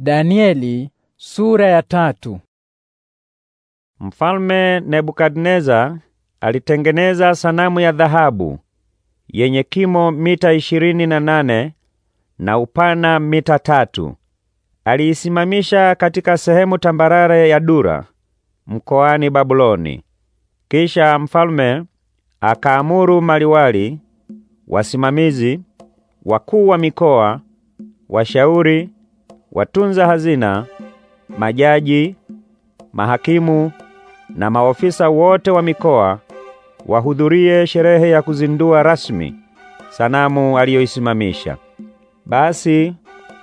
Danieli sura ya tatu. Mfalme Nebukadneza alitengeneza sanamu ya dhahabu yenye kimo mita ishirini na nane na upana mita tatu. Aliisimamisha katika sehemu tambarare ya Dura mkoani Babuloni. Kisha mfalme akaamuru maliwali, wasimamizi, wakuu wa mikoa, washauri watunza hazina, majaji, mahakimu na maofisa wote wa mikoa wahudhurie sherehe ya kuzindua rasmi sanamu aliyoisimamisha. Basi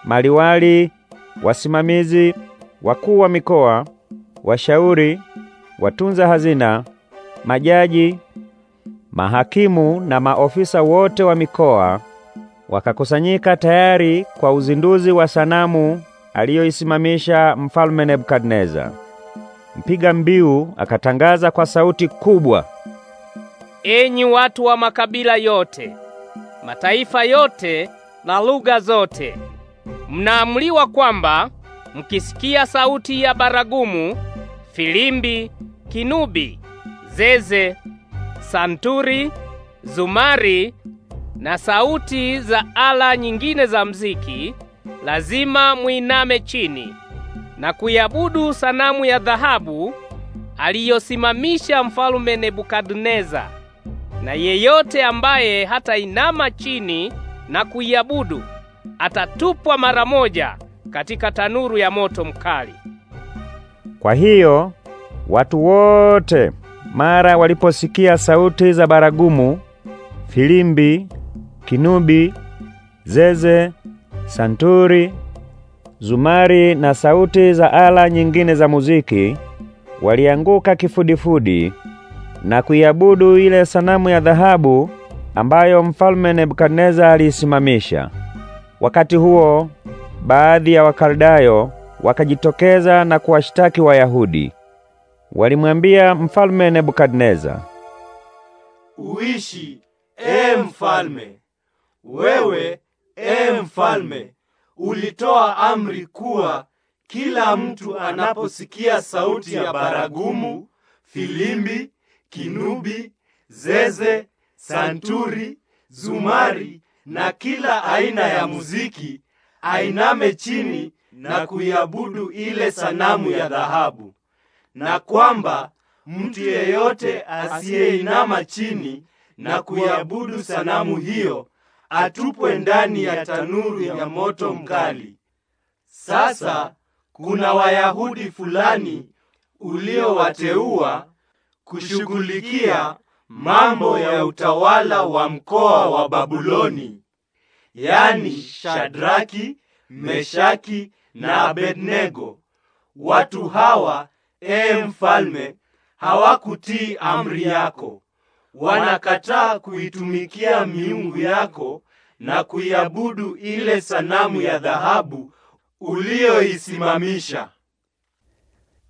maliwali, wasimamizi, wakuu wa mikoa, washauri, watunza hazina, majaji, mahakimu na maofisa wote wa mikoa wakakusanyika tayari kwa uzinduzi wa sanamu aliyoisimamisha mfalme Nebukadneza. Mpiga mbiu akatangaza kwa sauti kubwa, enyi watu wa makabila yote, mataifa yote na lugha zote, mnaamliwa kwamba mkisikia sauti ya baragumu, filimbi, kinubi, zeze, santuri, zumari na sauti za ala nyingine za mziki, lazima mwiname chini na kuiabudu sanamu ya dhahabu aliyosimamisha mfalme Nebukadneza, na yeyote ambaye hatainama chini na kuiabudu atatupwa mara moja katika tanuru ya moto mkali. Kwa hiyo watu wote mara waliposikia sauti za baragumu, filimbi kinubi, zeze, santuri, zumari na sauti za ala nyingine za muziki, walianguka kifudifudi na kuiabudu ile sanamu ya dhahabu ambayo mfalme Nebukadneza aliisimamisha. Wakati huo baadhi ya Wakaldayo wakajitokeza na kuwashtaki Wayahudi. Walimwambia mfalme Nebukadneza, uishi, e mfalme, wewe e mfalme, ulitoa amri kuwa kila mtu anaposikia sauti ya baragumu, filimbi, kinubi, zeze, santuri, zumari na kila aina ya muziki ainame chini na kuiabudu ile sanamu ya dhahabu, na kwamba mtu yeyote asiyeinama chini na kuiabudu sanamu hiyo atupwe ndani ya tanuru ya moto mkali. Sasa kuna Wayahudi fulani uliowateua kushughulikia mambo ya utawala wa mkoa wa Babuloni, yaani Shadraki, Meshaki na Abednego. Watu hawa, ee mfalme, hawakutii amri yako wanakataa kuitumikia miungu yako na kuiabudu ile sanamu ya dhahabu uliyoisimamisha.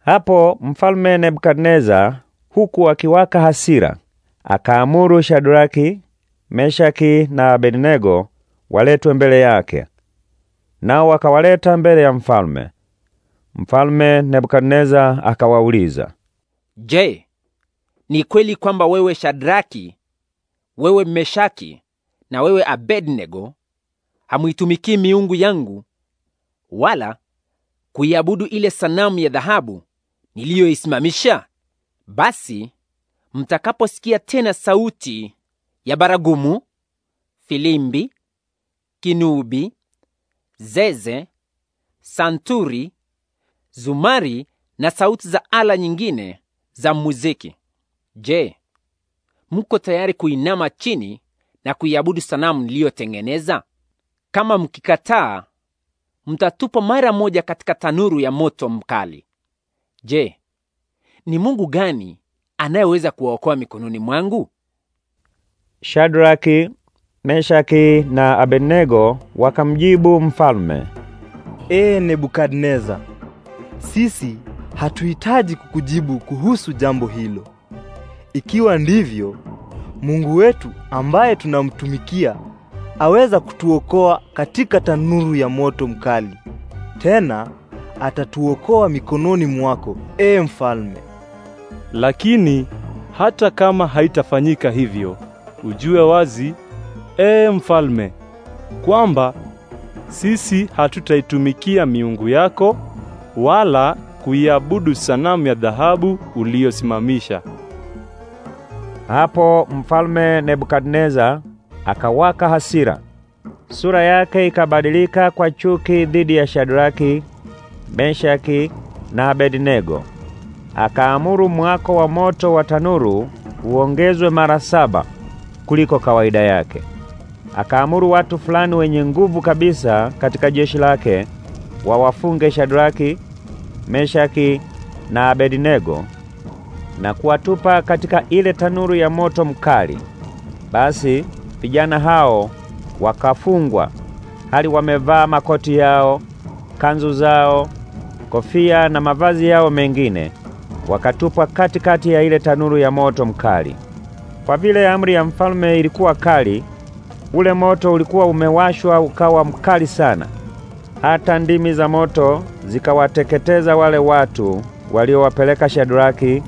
Hapo mfalme Nebukadneza, huku akiwaka hasira, akaamuru Shadraki, Meshaki na Abednego waletwe mbele yake. Nao wakawaleta mbele ya mfalme. Mfalme Nebukadneza akawauliza, "Je, ni kweli kwamba wewe Shadraki, wewe Meshaki na wewe Abednego hamuitumikii miungu yangu wala kuiabudu ile sanamu ya dhahabu niliyoisimamisha? Basi mtakaposikia tena sauti ya baragumu, filimbi, kinubi, zeze, santuri, zumari na sauti za ala nyingine za muziki, Je, mko tayari kuinama chini na kuiabudu sanamu niliyotengeneza? Kama mkikataa, mtatupwa mara moja katika tanuru ya moto mkali. Je, ni Mungu gani anayeweza kuwaokoa mikononi mwangu? Shadraki, Meshaki na Abednego wakamjibu mfalme, Ee Nebukadneza, sisi hatuhitaji kukujibu kuhusu jambo hilo. Ikiwa ndivyo, Mungu wetu ambaye tunamtumikia aweza kutuokoa katika tanuru ya moto mkali. Tena atatuokoa mikononi mwako, ee mfalme. Lakini hata kama haitafanyika hivyo, ujue wazi, ee mfalme, kwamba sisi hatutaitumikia miungu yako wala kuiabudu sanamu ya dhahabu uliyosimamisha. Hapo mfalme Nebukadneza akawaka hasira, sura yake ikabadilika kwa chuki dhidi ya Shadraki, Meshaki na Abednego. Akaamuru mwako wa moto wa tanuru uongezwe mara saba kuliko kawaida yake. Akaamuru watu fulani wenye nguvu kabisa katika jeshi lake wawafunge Shadraki, Meshaki na Abednego na kuwatupa katika ile tanuru ya moto mkali. Basi vijana hao wakafungwa hali wamevaa makoti yao, kanzu zao, kofia na mavazi yao mengine, wakatupwa katikati ya ile tanuru ya moto mkali. Kwa vile amri ya mfalme ilikuwa kali, ule moto ulikuwa umewashwa ukawa mkali sana, hata ndimi za moto zikawateketeza wale watu waliowapeleka Shadraki,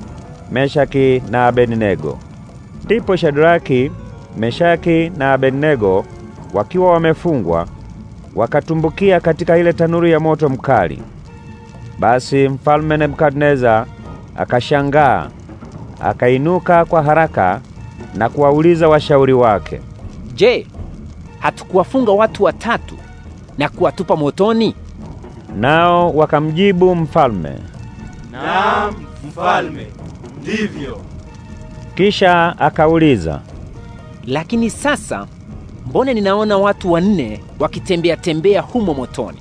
Meshaki na Abednego. Ndipo Shadraki, Meshaki na Abednego wakiwa wamefungwa wakatumbukia katika ile tanuru ya moto mkali. Basi mfalme Nebukadneza akashangaa, akainuka kwa haraka na kuwauliza washauri wake, "Je, hatukuwafunga watu watatu na kuwatupa motoni?" Nao wakamjibu mfalme, "Naam, mfalme." Ndivyo. Kisha akauliza, lakini sasa mbona ninaona watu wanne wakitembea tembea humo motoni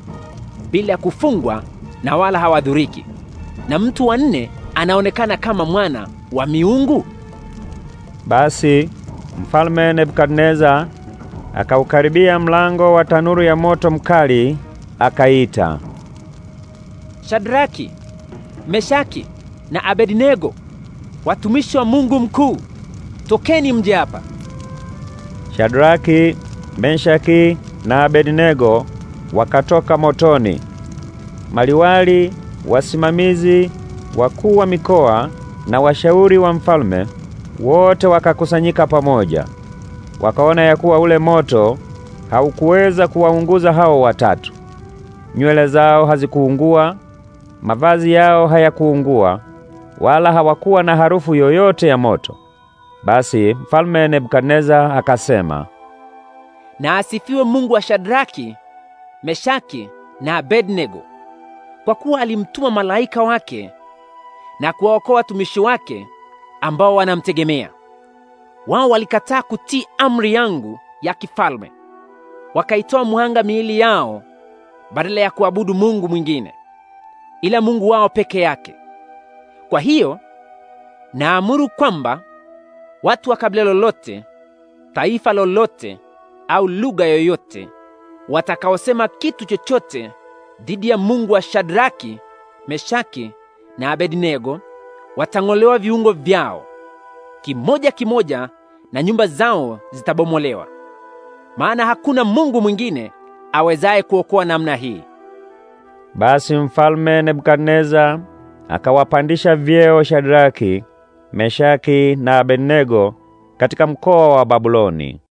bila kufungwa na wala hawadhuriki, na mtu wa nne anaonekana kama mwana wa miungu? Basi mfalme Nebukadneza akaukaribia mlango wa tanuru ya moto mkali, akaita, Shadraki, Meshaki na Abednego, watumishi wa Mungu mkuu, tokeni mje hapa. Shadraki, Meshaki na Abednego wakatoka motoni. Maliwali, wasimamizi, wakuu wa mikoa na washauri wa mfalme wote wakakusanyika pamoja. Wakaona ya kuwa ule moto haukuweza kuwaunguza hao watatu. Nywele zao hazikuungua, mavazi yao hayakuungua, wala hawakuwa na harufu yoyote ya moto. Basi mfalme Nebukadneza akasema, na asifiwe Mungu wa Shadraki, Meshaki na Abednego, kwa kuwa alimtuma malaika wake na kuwaokoa watumishi wake ambao wanamtegemea. Wao walikataa kutii amri yangu ya kifalme, wakaitoa muhanga miili yao badala ya kuabudu Mungu mwingine ila Mungu wao peke yake. Kwa hiyo naamuru kwamba watu wa kabila lolote, taifa lolote au lugha yoyote watakaosema kitu chochote dhidi ya Mungu wa Shadraki, Meshaki na Abednego watang'olewa viungo vyao kimoja kimoja na nyumba zao zitabomolewa. Maana hakuna Mungu mwingine awezaye kuokoa namna hii. Basi Mfalme Nebukadneza akawapandisha vyeo Shadraki, Meshaki na Abednego katika mkoa wa Babuloni.